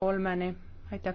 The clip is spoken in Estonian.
kolmeni, aitäh!